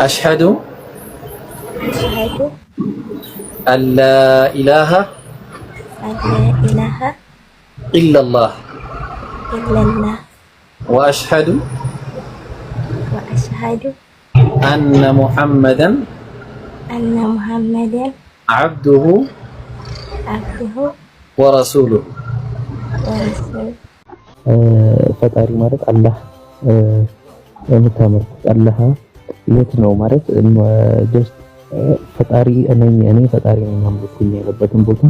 أشهد أن لا إله إلا الله إلا الله وأشهد وأشهد أن محمدا أن محمدا عبده عبده ورسوله ورسوله ፈጣሪ الله آه، الله الله አላህ የት ነው ማለት ጀስት ፈጣሪ እነኝ እኔ ፈጣሪ ነው ማምልኩኝ ያለበትን ቦታ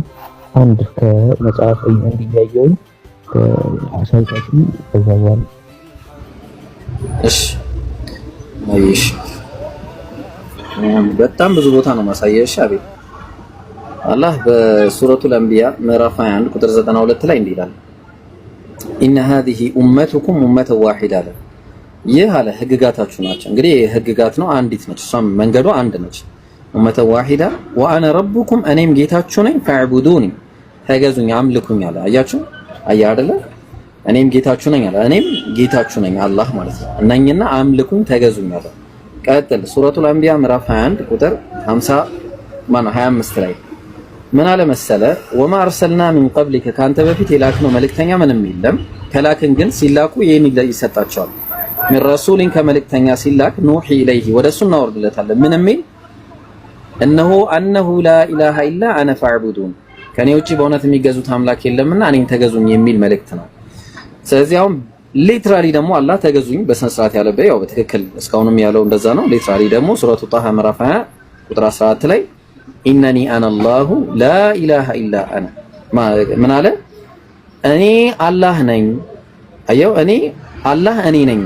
አንድ ከመጽሐፍ እንዲያየውኝ አሳይታችሁ ተዛዋል። እሺ አይሽ በጣም ብዙ ቦታ ነው ማሳየሽ። አቤት አላህ በሱረቱ አንቢያ ምዕራፍ 21 ቁጥር 92 ላይ እንዲህ ይላል፣ ኢነ ሀዚህ ኡመቱኩም ኡመተን ዋሂዳ አለ ይህ አለ ህግጋታችሁ ናቸው። እንግዲህ ህግጋት ነው፣ አንዲት ነች፣ እሷም መንገዷ አንድ ነች። ኡመተ ዋሂዳ ወአነ ረቡኩም እኔም ጌታችሁ ነኝ። ፈዕቡዱኒ ተገዙኝ፣ አምልኩኝ አለ። አያችሁ፣ አያ አይደለ? እኔም ጌታችሁ ነኝ አለ። እኔም ጌታችሁ ነኝ አላህ ማለት ነው። እነኝና አምልኩኝ፣ ተገዙኝ አለ። ቀጥል፣ ሱረቱል አንቢያ ምዕራፍ 21 ቁጥር 50 ማነው 25 ላይ ምን አለ መሰለ፣ ወማ አርሰልና ሚን ቀብሊከ ካንተ በፊት የላክነው መልእክተኛ ምንም የለም። ከላክን ግን ሲላኩ ይህን ይሰጣቸዋል ሚን ረሱሊን ከመልእክተኛ ሲላክ ኑሂ ኢለይሂ ወደሱ እናወርድለታለን። ምን ሚል እነሆ አነሁ ላ ኢላ አነ ፈዕቡዱን ከኔ ውጭ በእውነት የሚገዙት አምላክ የለምና እኔን ተገዙኝ የሚል መልእክት ነው። ስለዚህ አሁን ሊትራሊ ደግሞ አላህ ተገዙኝ በስነ ስርዓት ያለበት ያው በትክክል እስካሁንም ያለው እንደዛ ነው። ሊትራሊ ደግሞ ሱረቱ ጣሃ ምዕራፍ 20 ቁጥር 14 ላይ ኢነኒ አነላሁ ላኢላሃ ላ ኢላሃ ኢላ አነ ምን አለ? እኔ አላህ ነኝ። አየው እኔ አላህ እኔ ነኝ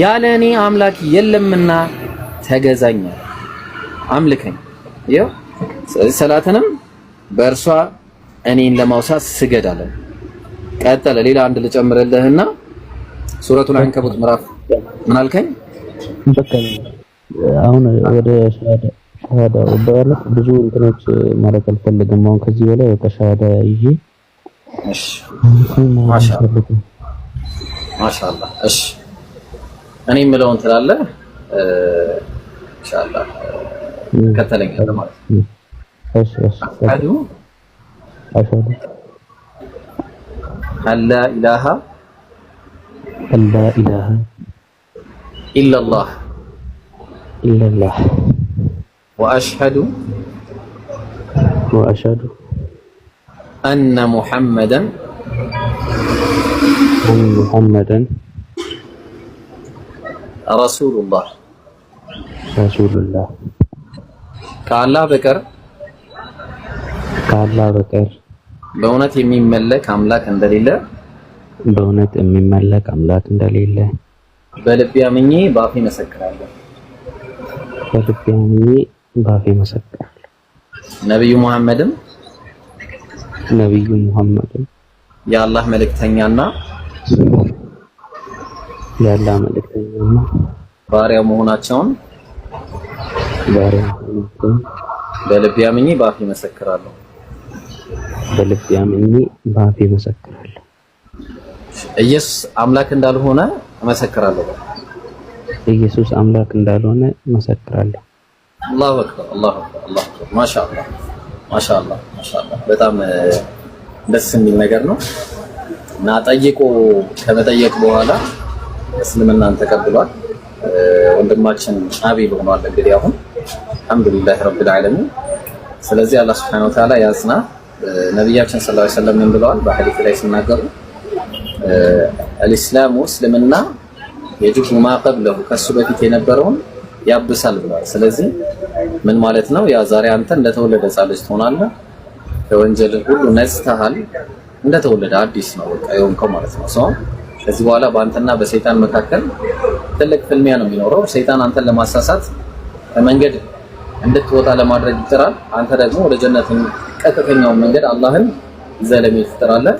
ያለ እኔ አምላክ የለምና ተገዛኝ አምልከኝ። ይኸው ሰላትንም በእርሷ እኔን ለማውሳት ስገድ ቀጠለ። ሌላ አንድ ልጨምርልህና ሱረቱን አንከቡት ምዕራፍ ምን አልከኝ? አሁን ወደ ሸሃዳ በእውነት ብዙ እንትኖች ማለት አልፈልግም። አሁን ከዚህ በላይ ወደ ሸሃዳ ይዤ ማሻአላ። እሺ እኔ የምለውን ትላለህ። ኢንሻአላህ ከተለኛለህ ማለት ነው። እሺ እሺ አሽሀዱ አሽሀዱ አላ ኢላሃ አላ ኢላሃ ኢላላህ ኢላላህ ወአሽሀዱ ወአሽሀዱ አነ ሙሐመደን ሙሐመደን ረሱሉላህ ረሱሉላህ ከአላህ በቀር ከአላህ በቀር በእውነት የሚመለክ አምላክ እንደሌለ በእውነት የሚመለክ አምላክ እንደሌለ በልቤ አምኜ በአፌ መሰክራለሁ በልቤ አምኜ በአፌ መሰክራለሁ። ነብዩ ሙሐመድም ነብዩ ሙሐመድም የአላህ መልእክተኛና ያለ መልእክተኛና ባሪያ መሆናቸውን ባሪያ በልቤ አምኜ በአፌ መሰክራለሁ። በልቤ አምኜ በአፌ መሰክራለሁ። ኢየሱስ አምላክ እንዳልሆነ መሰክራለሁ። ኢየሱስ አምላክ እንዳልሆነ መሰክራለሁ። አላሁ አክበር አላሁ አክበር አላሁ አክበር። ማሻአላህ ማሻአላህ ማሻአላህ። በጣም ደስ የሚል ነገር ነው እና ጠይቆ ከመጠየቅ በኋላ እስልምናን ተቀብሏል። ወንድማችን አቢ ሆኗል። እንግዲህ አሁን አልሐምዱሊላህ ረብል ዓለሚን። ስለዚህ አላህ ሱብሓነሁ ወተዓላ ያጽና። ነቢያችን ሰለላሁ ዐለይሂ ወሰለም ምን ብለዋል? በሐዲስ ላይ ሲናገሩ አልኢስላሙ እስልምና የጅቡ ማ ከሱ በፊት የነበረውን ያብሳል ብለዋል። ስለዚህ ምን ማለት ነው? ያ ዛሬ አንተ እንደተወለደ ሕፃን ልጅ ትሆናለህ። ከወንጀል ሁሉ ነጽተሃል። እንደተወለደ አዲስ ነው በቃ የሆንከው ማለት ነው ሰው ከዚህ በኋላ በአንተና በሰይጣን መካከል ትልቅ ፍልሚያ ነው የሚኖረው። ሰይጣን አንተን ለማሳሳት መንገድ እንድትወጣ ለማድረግ ይጥራል። አንተ ደግሞ ወደ ጀነት ቀጥተኛውን መንገድ አላህን ዘለም ትጥራለህ።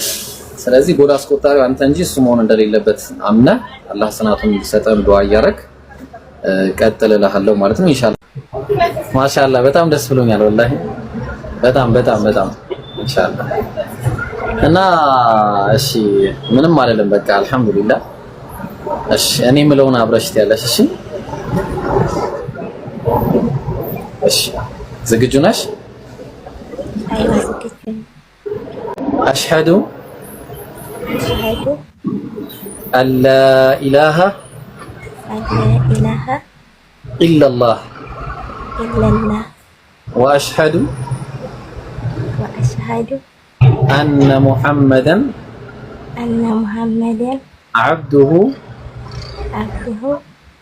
ስለዚህ ጎዳ አስቆጣሪው አንተ እንጂ እሱ መሆን እንደሌለበት አምነህ አላህ ጽናቱን እንዲሰጠን ዱዓ እያደረግ ቀጥል እልሃለሁ ማለት ነው። ኢንሻአላህ ማሻአላህ፣ በጣም ደስ ብሎኛል። ወላሂ በጣም በጣም በጣም ኢንሻአላህ እና እሺ ምንም አይደለም። በቃ አልሐምዱሊላህ። እሺ እኔ ምለውን አብረሽ ትያለሽ። እሺ እሺ፣ ዝግጁ ነሽ? አሽሀዱ አላ ኢላሃ ኢለላህ ወአሽሀዱ አነ ሙሐመደን አነ ሙሐመደን አብዱሁ አብዱሁ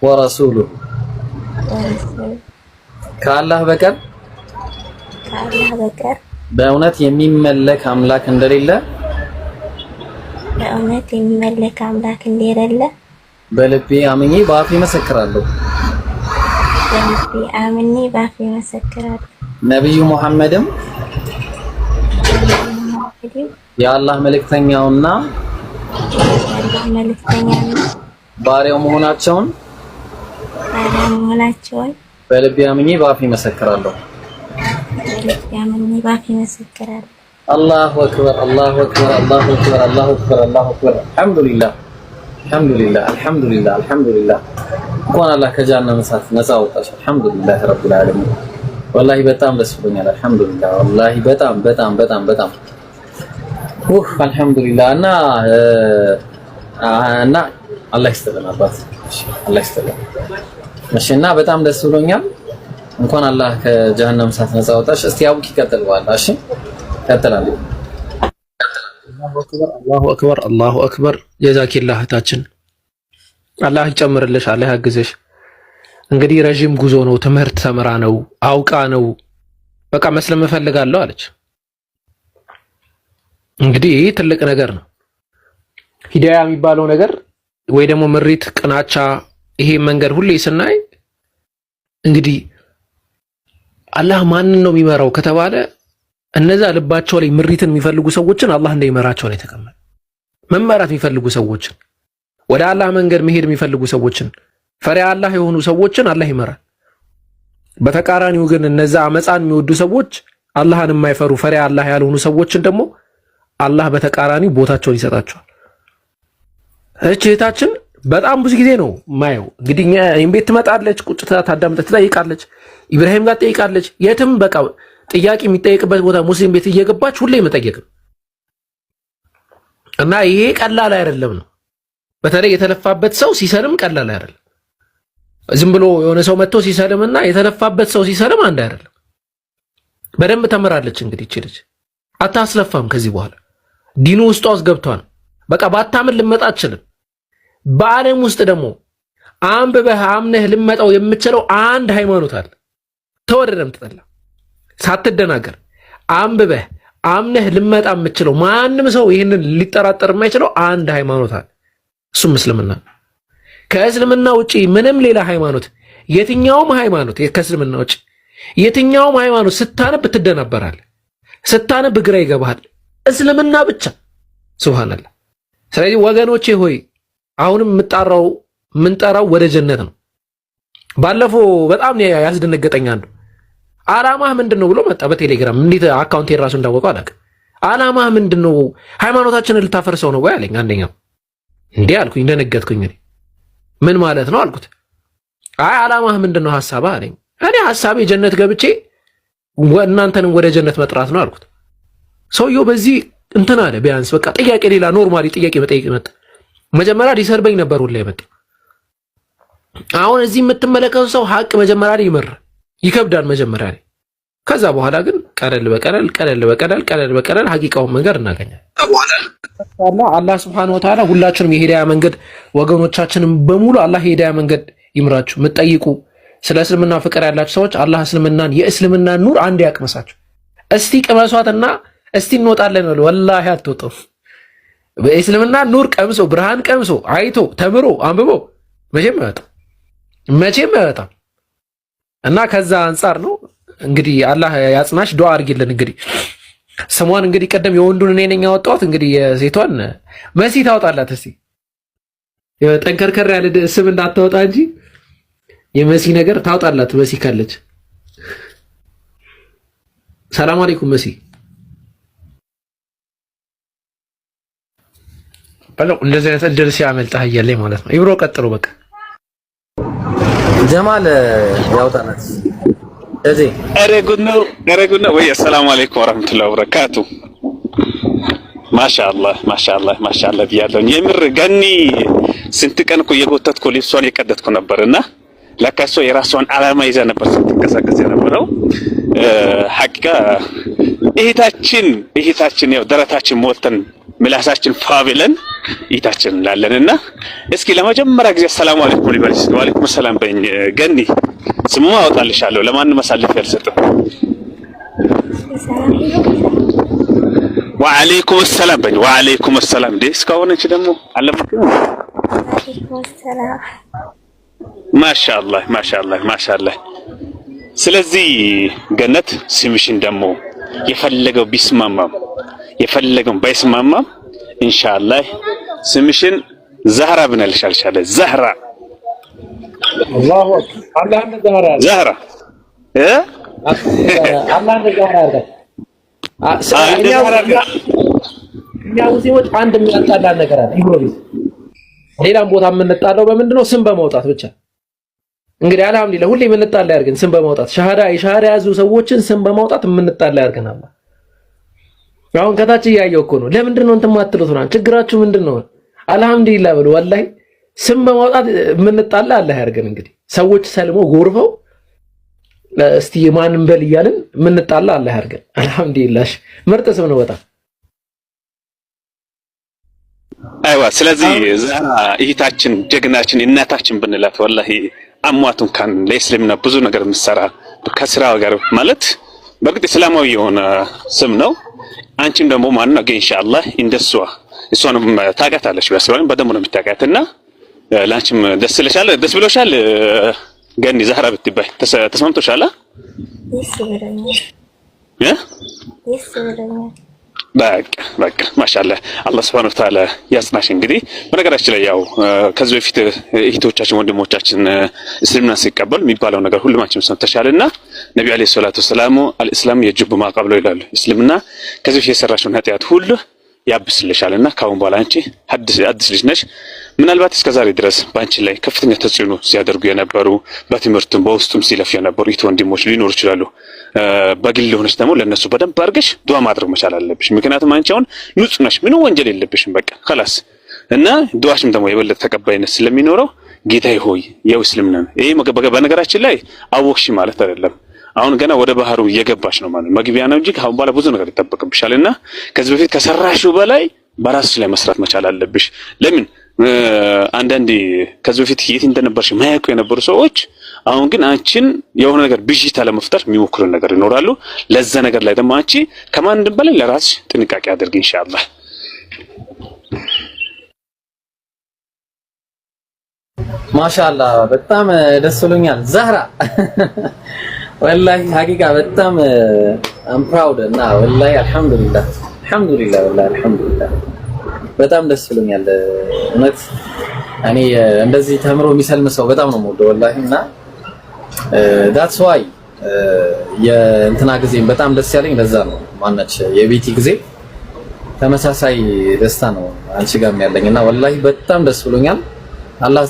ወረሱሉሁ ከአላህ በቀር ከአላህ በቀር በእውነት የሚመለክ አምላክ እንደሌለ በእውነት የሚመለክ አምላክ እንደሌለ በልቤ አምኜ በአፌ መሰክራለሁ። በልቤ አምኜ በአፌ መሰክራለሁ። ነብዩ ሙሐመድም የአላህ መልእክተኛውና ባሪያው መሆናቸውን መሆናቸውን በልቤ አምኜ በአፌ እመሰክራለሁ። አላሁ አክበር፣ አላሁ አክበር፣ አላሁ አክበር፣ አላሁ አክበር፣ አላሁ አክበር። አልሐምዱሊላህ፣ አልሐምዱሊላህ፣ አልሐምዱሊላህ፣ አልሐምዱሊላህ። እንኳን አላህ ከጀሃነም እሳት ነፃ አወጣሽ። አልሐምዱሊላህ ረብል ዓለሚን። ወላሂ በጣም ደስ ብሎኛል። አልሐምዱሊላህ ወላሂ በጣም በጣም በጣም በጣም ውህ አልሐምዱሊላህ እና እና አላህ ይስጥልን አባት አላህ ይስጥልን። እሺ እና በጣም ደስ ብሎኛል። እንኳን አላህ ከጀሃነም እሳት ነፃ አወጣሽ። እስቲ አቡክ ይቀጥል በኋላ እሺ፣ ይቀጥላል። አላሁ አክበር አላሁ አክበር። የዛኪላህ እህታችን አላህ ይጨምርልሽ፣ አላህ ያግዝሽ። እንግዲህ ረዥም ጉዞ ነው፣ ትምህርት ተምራ ነው አውቃ ነው በቃ መስለም እፈልጋለሁ አለች። እንግዲህ ይህ ትልቅ ነገር ነው። ሂዳያ የሚባለው ነገር ወይ ደግሞ ምሪት፣ ቅናቻ ይሄ መንገድ ሁሌ ስናይ እንግዲህ አላህ ማንን ነው የሚመራው ከተባለ እነዛ ልባቸው ላይ ምሪትን የሚፈልጉ ሰዎችን አላህ እንዳይመራቸው ነው የተቀመጠ። መመራት የሚፈልጉ ሰዎችን ወደ አላህ መንገድ መሄድ የሚፈልጉ ሰዎችን ፈሪሃ አላህ የሆኑ ሰዎችን አላህ ይመራል። በተቃራኒው ግን እነዛ አመፃን የሚወዱ ሰዎች አላህን የማይፈሩ ፈሪሃ አላህ ያልሆኑ ሰዎችን ደግሞ አላህ በተቃራኒው ቦታቸውን ይሰጣቸዋል። እች እህታችን በጣም ብዙ ጊዜ ነው ማየው። እንግዲህ እኔም ቤት ትመጣለች፣ ቁጭ ታዳምጠ ትጠይቃለች፣ ኢብራሂም ጋር ትጠይቃለች። የትም በቃ ጥያቄ የሚጠየቅበት ቦታ ሙስሊም ቤት እየገባች ሁሌ መጠየቅም እና ይሄ ቀላል አይደለም ነው። በተለይ የተለፋበት ሰው ሲሰልም ቀላል አይደለም። ዝም ብሎ የሆነ ሰው መጥቶ እና የተለፋበት ሰው ሲሰልም አንድ አይደለም። በደንብ ተምራለች። እንግዲህ ይችልች አታስለፋም ከዚህ በኋላ ዲኑ ውስጧ ውስጥ ገብቷል። በቃ ባታምን ልመጣ አትችልም። በዓለም ውስጥ ደግሞ አንብበህ አምነህ ልመጣው የምችለው አንድ ሃይማኖት አለ። ተወደደም ትጠላ ሳትደናገር አንብበህ አምነህ ልመጣ የምችለው ማንም ሰው ይህንን ሊጠራጠር የማይችለው አንድ ሃይማኖት አለ። እሱም እስልምና ነው። ከእስልምና ውጪ ምንም ሌላ ሃይማኖት የትኛውም ሃይማኖት ከእስልምና ውጭ የትኛውም ሃይማኖት ስታነብ ትደናበራል። ስታነብ ግራ ይገባሃል። እስልምና ብቻ ሱብሃንአላህ። ስለዚህ ወገኖቼ ሆይ አሁንም የምጣራው የምንጠራው ወደ ጀነት ነው። ባለፈው በጣም ያስደነገጠኝ አንዱ አላማህ ምንድን ነው ብሎ መጣ በቴሌግራም እንዴት አካውንቴ ራሱ እንዳወቀው አላውቅም። አላማህ ምንድን ነው? ሃይማኖታችንን ልታፈርሰው ነው ወይ አለኝ። አንደኛው እንዲህ አልኩኝ፣ ደነገጥኩኝ። እኔ ምን ማለት ነው አልኩት። አይ አላማህ ምንድን ነው ሀሳብህ አለኝ። እኔ ሀሳቤ ጀነት ገብቼ እናንተንም ወደ ጀነት መጥራት ነው አልኩት። ሰውየው በዚህ እንትን አለ። ቢያንስ በቃ ጥያቄ ሌላ ኖርማሊ ጥያቄ መጠየቅ መጣ። መጀመሪያ ሊሰርበኝ ነበር ሁላ የመጣ አሁን እዚህ የምትመለከቱ ሰው ሀቅ መጀመሪያ ላይ ይመር ይከብዳል መጀመሪያ ላይ። ከዛ በኋላ ግን ቀለል በቀለል ቀለል በቀለል ቀለል በቀለል ሀቂቃውን መንገድ እናገኛለን። አላህ ስብሐነሁ ወተዓላ ሁላችንም የሄዳያ መንገድ ወገኖቻችንም በሙሉ አላህ የሄዳያ መንገድ ይምራችሁ። የምትጠይቁ ስለ እስልምና ፍቅር ያላችሁ ሰዎች አላህ እስልምናን የእስልምናን ኑር አንድ ያቅመሳችሁ። እስቲ ቅመሷትና እስቲ እንወጣለን በሉ። ወላሂ አትወጡም። በእስልምና ኑር ቀምሶ ብርሃን ቀምሶ አይቶ ተምሮ አንብቦ መቼም አይወጣም፣ መቼም አይወጣም። እና ከዛ አንጻር ነው እንግዲህ አላህ ያጽናሽ፣ ዱዓ አድርጊልን። እንግዲህ ስሟን እንግዲህ ቀደም የወንዱን እኔ ነኝ ያወጣሁት፣ እንግዲህ የሴቷን መሲ ታወጣላት። እስቲ ጠንከርከር ያለ ስም እንዳታወጣ እንጂ የመሲ ነገር ታወጣላት። መሲ ካለች ሰላም አለይኩም መሲ ባለው እንደዚህ አይነት እድል ሲያመልጥህ እያለኝ ማለት ነው። ይብሮ ቀጥሎ በቃ ጀማል ያውጣናት እዚህ ኧረ ጉድ ነው፣ ኧረ ጉድ ነው ወይ! አሰላሙ አለይኩም ወራህመቱላሂ ወበረካቱ። ማሻአላህ ማሻአላህ ማሻአላህ ብያለሁ። የምር ገኒ ስንት ቀን እኮ እየጎተትኩ ልብሷን የቀደድኩ ነበርና ለካሷ የራሷን አላማ ይዛ ነበር ስትንቀሳቀስ የነበረው። ሐቂቃ እህታችን እህታችን ያው ደረታችን ሞልተን ምላሳችን ፋብለን ኢታችን እንላለን እና እስኪ ለመጀመሪያ ጊዜ ሰላም አለይኩም ሊበልስ ወአለይኩም ሰላም በኝ ገኒ ስሙ አወጣልሻለሁ ለማንም አሳልፌ አልሰጥም ወአለይኩም ሰላም በኝ ወአለይኩም ሰላም ዴ እስካሁን እንጂ ደግሞ አለምኩም ማሻአላህ ማሻአላህ ማሻአላህ ስለዚህ ገነት ስምሽን ደግሞ የፈለገው ቢስማማም የፈለገው ባይስማማም ኢንሻአላህ ስምሽን ዛህራ ብናልሽ አልሻለ ዛህራ ዛህራ አንድ የሚያጣላን ነገር አለ። ሌላም ቦታ የምንጣለው በምንድን ነው? ስም በማውጣት ብቻ። እንግዲህ አልሐምዱሊላህ ሁሌ የምንጣላ ያርገን፣ ስም በማውጣት ሻሃዳ የሻሃዳ ያዙ ሰዎችን ስም በማውጣት የምንጣላ ያርገን። አሁን ከታች እያየሁ እኮ ነው። ለምንድን ነው እንትን የማትሉት? ችግራችሁ ምንድን ነው? አልሐምዱሊላህ ብሎ ወላሂ ስም በማውጣት የምንጣላ አላህ ያድርገን። እንግዲህ ሰዎች ሰልሞ ጎርፈው እስቲ የማን እንበል እያልን የምንጣላ አላህ ያድርገን። አልሐምዱሊላህ ምርጥ ስም ነው በጣም አይዋ። ስለዚህ ዛራ እህታችን ጀግናችን እናታችን ብንላት ወላሂ አሟቱን ካን ለእስልምና ብዙ ነገር የምትሰራ ከስራ ጋር ማለት በእርግጥ እስላማዊ የሆነ ስም ነው። አንቺም ደግሞ ማን ነገ ኢንሻአላህ እንደሷ እሷንም ታውቃታለች። ቢያስባልም በደንብ ነው የምታውቃት እና ላንቺም ደስ ይለሻል፣ ደስ ብሎሻል። ገኒ ዛህራ ብትባይ ተስማምቶሻል? በቃ በቃ ማሻአላህ አላህ ሱብሓነሁ ወተዓላ ያጽናሽ። እንግዲህ በነገራችን ላይ ያው ከዚህ በፊት እህቶቻችን ወንድሞቻችን እስልምና ሲቀበሉ የሚባለው ነገር ሁሉማችንም ሰምተሻልና ነቢ አለይሂ ሰላቱ ወሰላሙ አልእስላም የጅቡ ማቀብሎ ይላሉ። እስልምና ከዚህ በፊት የሰራሽውን ኃጢአት ሁሉ ያብስልሻል እና ካሁን በኋላ አንቺ አዲስ ልጅ ነሽ። ምናልባት እስከ ዛሬ ድረስ በአንቺ ላይ ከፍተኛ ተጽዕኖ ሲያደርጉ የነበሩ በትምህርቱም በውስጡም ሲለፉ የነበሩ ይት ወንድሞች ሊኖሩ ይችላሉ። በግል ሆነች ደግሞ ለእነሱ በደንብ አድርገሽ ድዋ ማድረግ መቻል አለብሽ። ምክንያቱም አንቺ አሁን ንጹህ ነሽ፣ ምንም ወንጀል የለብሽም። በቃ ከላስ እና ዱዓሽም ደግሞ የበለጠ ተቀባይነት ስለሚኖረው ጌታዬ ሆይ የው ይሄ በነገራችን ላይ አወቅሽ ማለት አይደለም አሁን ገና ወደ ባህሩ እየገባሽ ነው ማለት መግቢያ ነው እንጂ ከአሁን በኋላ ብዙ ነገር ይጠበቅብሻል እና ከዚህ በፊት ከሰራሽው በላይ በራስሽ ላይ መስራት መቻል አለብሽ። ለምን አንዳንዴ ከዚህ በፊት የት እንደነበርሽ ማያውቁ የነበሩ ሰዎች አሁን ግን አንቺን የሆነ ነገር ብዥታ ለመፍጠር የሚሞክሩ ነገር ይኖራሉ። ለዛ ነገር ላይ ደግሞ አንቺ ከማን በላይ ለራስሽ ጥንቃቄ አድርጊ ኢንሻአላህ። ማሻአላህ በጣም ደስ ብሎኛል ዛህራ ወላሂ ሀቂቃ በጣም አም ፕራውድ እና ወላሂ አልሐምዱሊላህ አልሐምዱሊላህ ወላሂ አልሐምዱሊላህ በጣም ደስ ብሎኛል። እውነት እኔ እንደዚህ ተምሮ የሚሰልም ሰው በጣም ነው የምወደው ወላሂ እና ዳትስ ዋይ የእንትና ጊዜም በጣም ደስ ያለኝ ለዛ ነው። ማነች የቤቲ ጊዜ ተመሳሳይ ደስታ ነው አንቺ ጋርም ያለኝ እና ወላሂ በጣም ደስ ብሎኛል። አላህ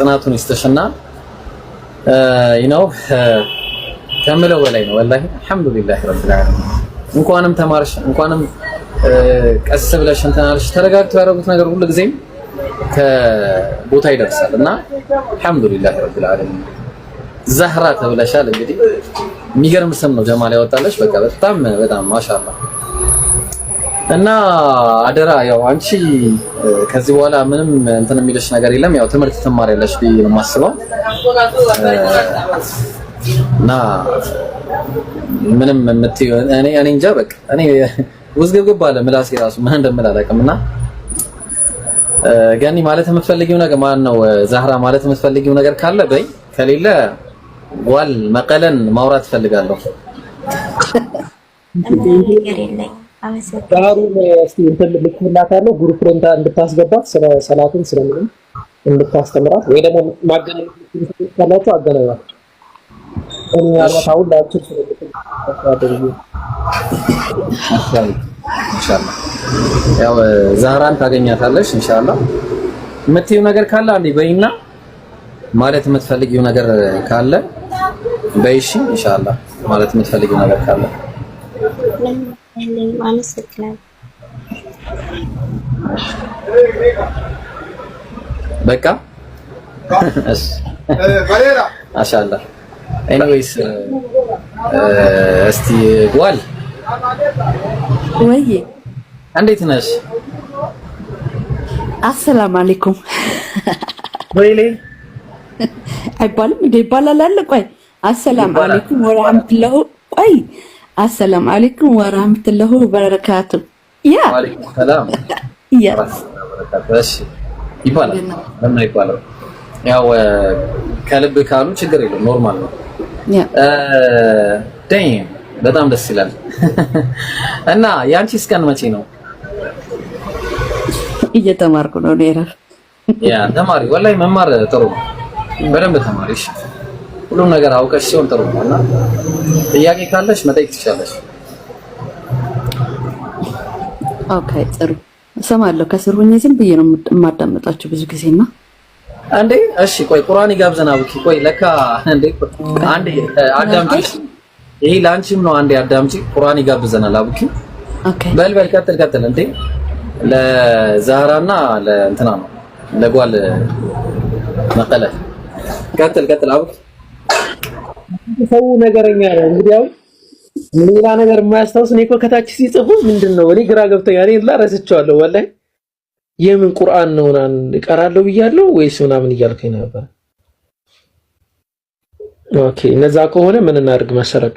ጽናቱን ይስጥሽና ይነው ከምለው በላይ ነው። ወላሂ አልሐምዱሊላህ ረብል ዓለሚን። እንኳንም ተማርሽ እንኳንም ቀስ ብለሽ እንትን አልሽ። ተረጋግተው ያደረጉት ነገር ሁሉ ጊዜም ከቦታ ይደርሳል እና አልሐምዱሊላህ ረብል ዓለሚን። ዛህራ ተብለሻል። እንግዲህ የሚገርም ስም ነው ጀማል ያወጣለሽ። በቃ በጣም በጣም ማሻአላ እና አደራ ያው አንቺ ከዚህ በኋላ ምንም እንትን የሚልሽ ነገር የለም። ያው ትምህርት ትማሪያለሽ ብዬሽ ነው የማስበው። እና ምንም የምትይው እኔ እኔ እንጃ በቃ እኔ ውዝግብግብ አለ ምላሴ ራሱ ምን እንደምል አላውቅም። እና ገኒ ማለት የምትፈልጊው ነገር ማን ነው? ዛህራ ማለት የምትፈልጊው ነገር ካለ በይ፣ ከሌለ ዋል መቀለን ማውራት እፈልጋለሁ ዛሩን እስቲ እንትን ልክላታለሁ ግሩፕ ሬንታ እንድታስገባት ስለ ስለምንም እንድታስተምራት ወይ ደግሞ ማገናኘት ካላችሁ ያው ታገኛታለሽ። የምትይው ነገር ካለ አንዴ በይና ማለት የምትፈልጊው ነገር ካለ በይሽ። ኢንሻአላ። ማለት የምትፈልጊው ነገር ካለ በቃ ማሻአላ ኤኒዌይስ uh, uh, እስቲ ዋል ወይ እንዴት ነሽ? አሰላም አለይኩም ወይሌ አይባልም እንደ ይባላል አለ። ቆይ አሰላም አለይኩም ወራህመቱላሁ ቆይ አሰላም አለይኩም ወራህመቱላሁ በረካቱ ያ ሰላም ያ ይባላል ለምን አይባልም? ያው ከልብ ካሉ ችግር የለም ኖርማል ነው። ደም በጣም ደስ ይላል። እና ያንቺ ቀን መቼ ነው? እየተማርኩ ነው። ለራፍ ያ ተማሪ ወላሂ መማር ጥሩ ነው። በደንብ ተማሪ እሺ። ሁሉም ነገር አውቀሽ ሲሆን ጥሩ ነው። እና ጥያቄ ካለሽ መጠየቅ ትችላለሽ። ኦኬ ጥሩ። እሰማለሁ። ከስር ሁኜ ዝም ብዬ ነው የማዳመጣችሁ ብዙ ጊዜና አንዴ እሺ፣ ቆይ ቁርአን ይጋብዘና ብኪ ቆይ ለካ አንዴ አንዴ አዳምጪ። ይሄ ላንቺም ነው። አንዴ አዳምጪ። ቁርአን ይጋብዘናል አብኪ። ኦኬ በል በል፣ ቀጥል ቀጥል። እንዴ ለዛህራና ለእንትና ነው ለጓል መቀለ። ቀጥል ቀጥል አብኪ። ሰው ነገረኛ ነው እንግዲህ አሁን ሌላ ነገር የማያስታውስ እኔ እኮ ከታች ሲጽፉ ምንድን ነው እኔ ግራ ገብቶኛል። እኔ ላ ረስቼዋለሁ ወላሂ የምን ቁርአን ነው ምናምን እቀራለሁ ብያለሁ ወይስ ምናምን እያልከኝ ነበር። ኦኬ እነዛ ከሆነ ምን እናድርግ መሰረት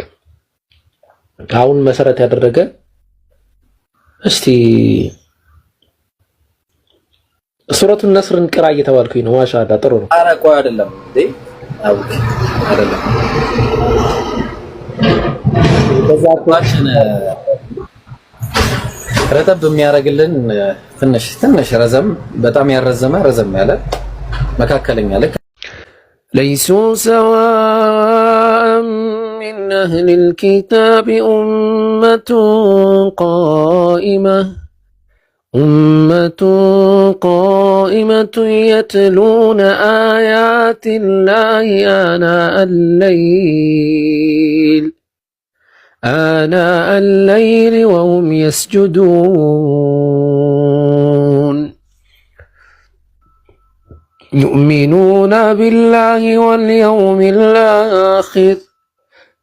አሁን መሰረት ያደረገ እስቲ ሱረቱ ነስርን ቅራ እየተባልኩኝ ነው። ማሻአላ ጥሩ ነው። ኧረ ቆይ አይደለም እንዴ አውቅ አይደለም በዛ ረጠብ የሚያደርግልን ትንሽ ትንሽ ረዘም በጣም رزم ረዘም ያለ መካከለኛ ልክ ليسوا سواء من أهل الكتاب أمة قائمة أمة قائمة يتلون آيات الله آناء الليل آناء الليل وهم يسجدون يؤمنون بالله واليوم الآخر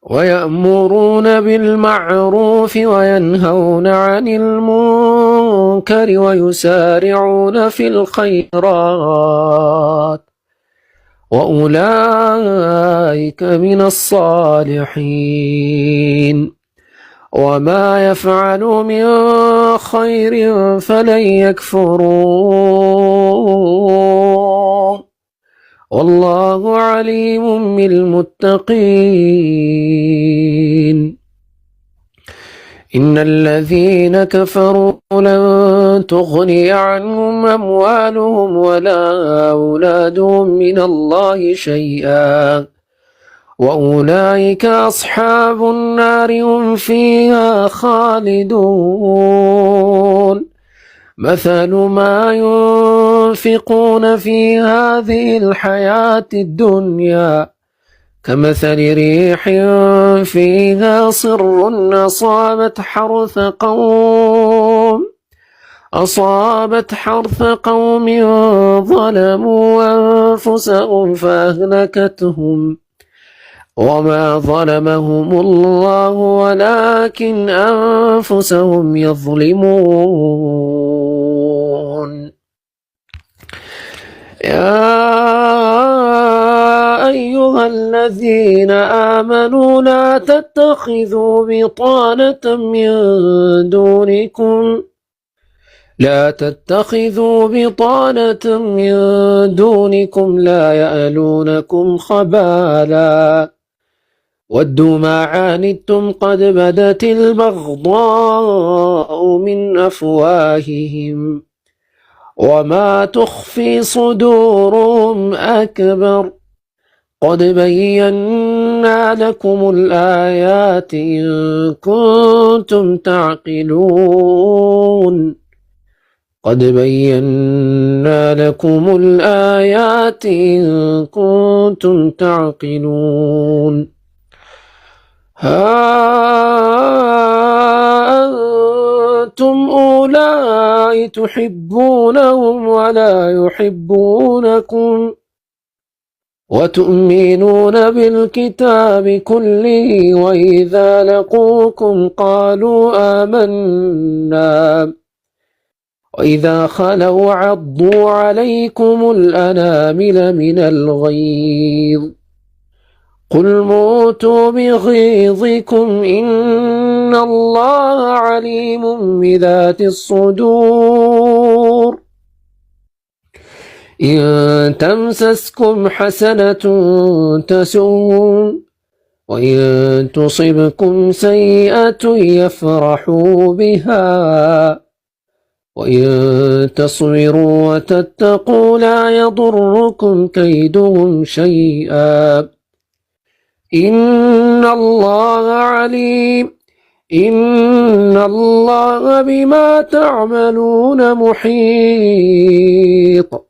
ويأمرون بالمعروف وينهون عن المنكر ويسارعون في الخيرات وأولئك من الصالحين وما يفعلوا من خير فلن يكفروا والله عليم بالمتقين إن الذين كفروا لن تغني عنهم أموالهم ولا أولادهم من الله شيئا وأولئك أصحاب النار هم فيها خالدون مثل ما ينفقون في هذه الحياة الدنيا كمثل ريح فيها صر أصابت حرث قوم أصابت حرث قوم ظلموا أنفسهم فأهلكتهم وما ظلمهم الله ولكن أنفسهم يظلمون يا أيها الذين آمنوا لا تتخذوا بطانة من دونكم لا تتخذوا بطانة من دونكم لا يألونكم خبالا ودوا ما عانتم قد بدت البغضاء من أفواههم وما تخفي صدورهم أكبر قد بينا لكم الآيات إن كنتم تعقلون قد بينا لكم الآيات إن كنتم تعقلون ها أنتم أولئك تحبونهم ولا يحبونكم وتؤمنون بالكتاب كله وإذا لقوكم قالوا آمنا وإذا خلوا عضوا عليكم الأنامل من الغيظ قل موتوا بغيظكم إن الله عليم بذات الصدور إن تمسسكم حسنة تسؤون وإن تصبكم سيئة يفرحوا بها وإن تصبروا وتتقوا لا يضركم كيدهم شيئا إن الله عليم إن الله بما تعملون محيط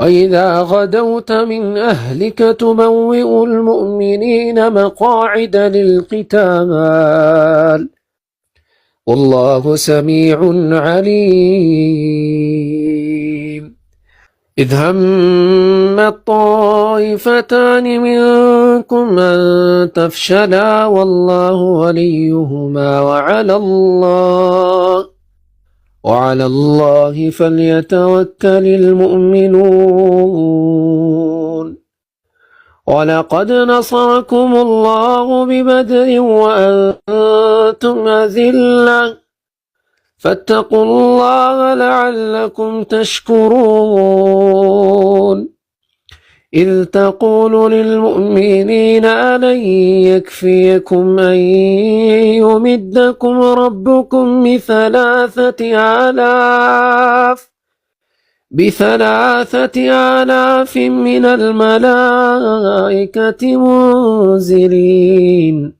وإذا غدوت من أهلك تبوئ المؤمنين مقاعد للقتال والله سميع عليم إذ هم الطائفتان منكم أن تفشلا والله وليهما وعلى الله وعلى الله فليتوكل المؤمنون ولقد نصركم الله ببدر وأنتم أذلة فاتقوا الله لعلكم تشكرون إذ تقول للمؤمنين ألن يكفيكم أن يمدكم ربكم بثلاثة آلاف بثلاثة آلاف من الملائكة منزلين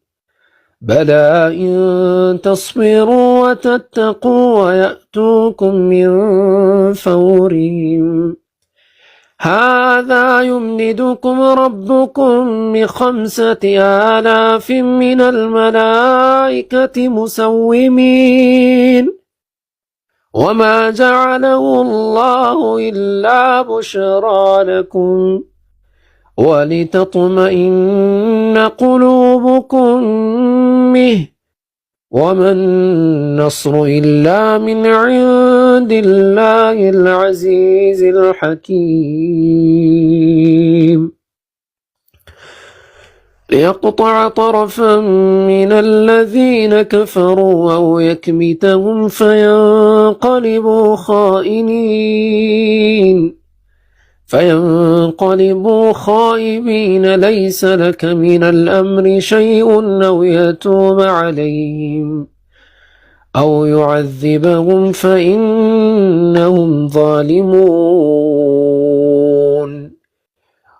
بلى إن تصبروا وتتقوا ويأتوكم من فورهم هذا يمددكم ربكم بخمسة آلاف من الملائكة مسومين وما جعله الله إلا بشرى لكم ولتطمئن قلوبكم به وما النصر إلا من عند بيد الله العزيز الحكيم ليقطع طرفا من الذين كفروا أو يكمتهم فينقلبوا خائنين فينقلبوا خائبين ليس لك من الأمر شيء أو يتوب عليهم أو يعذبهم فإنهم ظالمون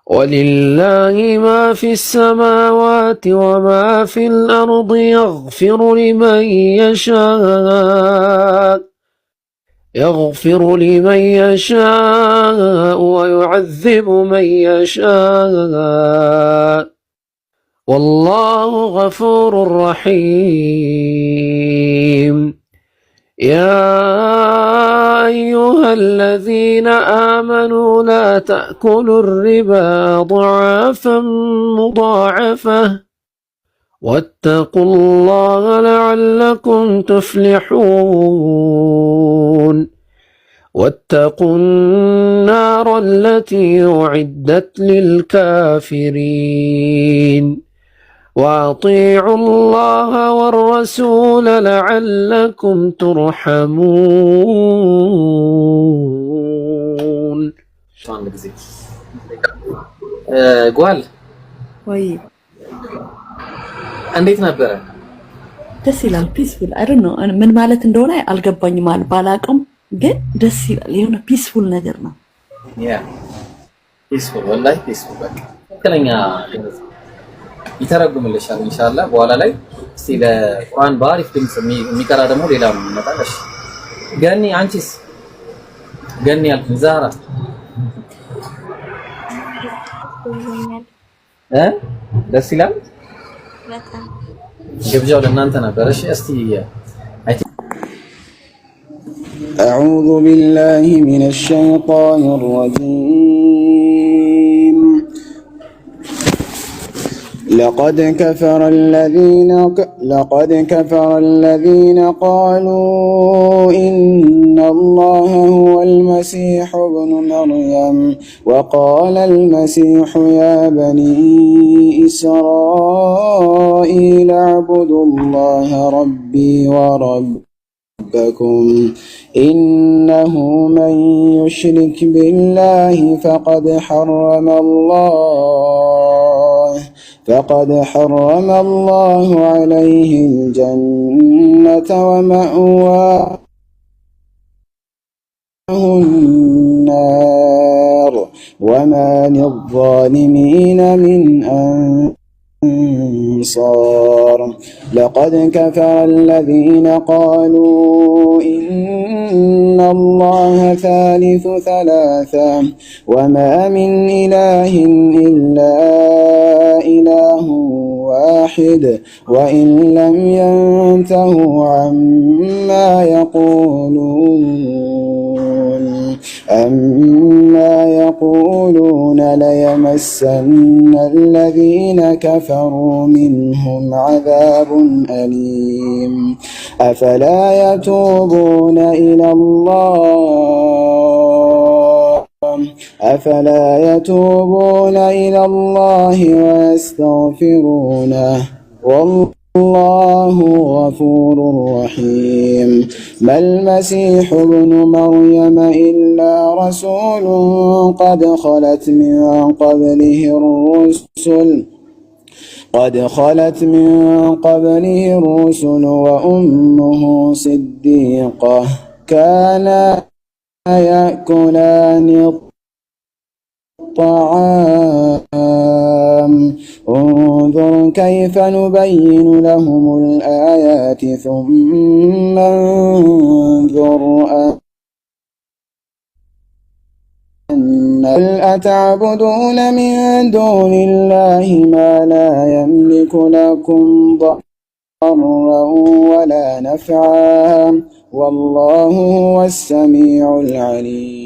ولله ما في السماوات وما في الأرض يغفر لمن يشاء يغفر لمن يشاء ويعذب من يشاء والله غفور رحيم يا ايها الذين امنوا لا تاكلوا الربا ضعافا مضاعفه واتقوا الله لعلكم تفلحون واتقوا النار التي اعدت للكافرين وأطيعوا الله والرسول لعلكم ترحمون ጓል ወይ እንዴት ነበረ? ደስ ይላል። ፒስፉል አይ ዶንት ኖ ምን ማለት እንደሆነ አልገባኝም፣ ባላውቅም ግን ደስ ይላል። የሆነ ፒስፉል ነገር ነው። ያ ፒስፉል ወላሂ ፒስፉል በቃ ይተረጉምልሻል ኢንሻአላ። በኋላ ላይ እስቲ ለቁርአን በአሪፍ ድምጽ የሚቀራ ደግሞ ሌላ ነው የሚመጣልሽ። ገኒ አንቺስ? ገኒ አልኩኝ። ዛራ እ ደስ ይላል። ግብዣው ለእናንተ ነበር። እሺ እስቲ أعوذ بالله من الشيطان الرجيم لقد كفر الذين ك... لقد كفر الذين قالوا إن الله هو المسيح ابن مريم وقال المسيح يا بني إسرائيل اعبدوا الله ربي ورب إنه من يشرك بالله فقد حرم الله فقد حرم الله عليه الجنة ومأواه النار وما للظالمين من أنفسهم أنصار لقد كفر الذين قالوا إن الله ثالث ثلاثة وما من إله إلا إله واحد وإن لم ينتهوا عما يقولون أما يقولون ليمسن الذين كفروا منهم عذاب أليم أفلا يتوبون إلى الله أفلا يتوبون إلى الله ويستغفرونه والله الله غفور رحيم ما المسيح ابن مريم إلا رسول قد خلت من قبله الرسل قد خلت من قبله الرسل وأمه صديقة كانا يأكلان الطعام الطعام انظر كيف نبين لهم الآيات ثم انظر بل أتعبدون من دون الله ما لا يملك لكم ضرا ولا نفعا والله هو السميع العليم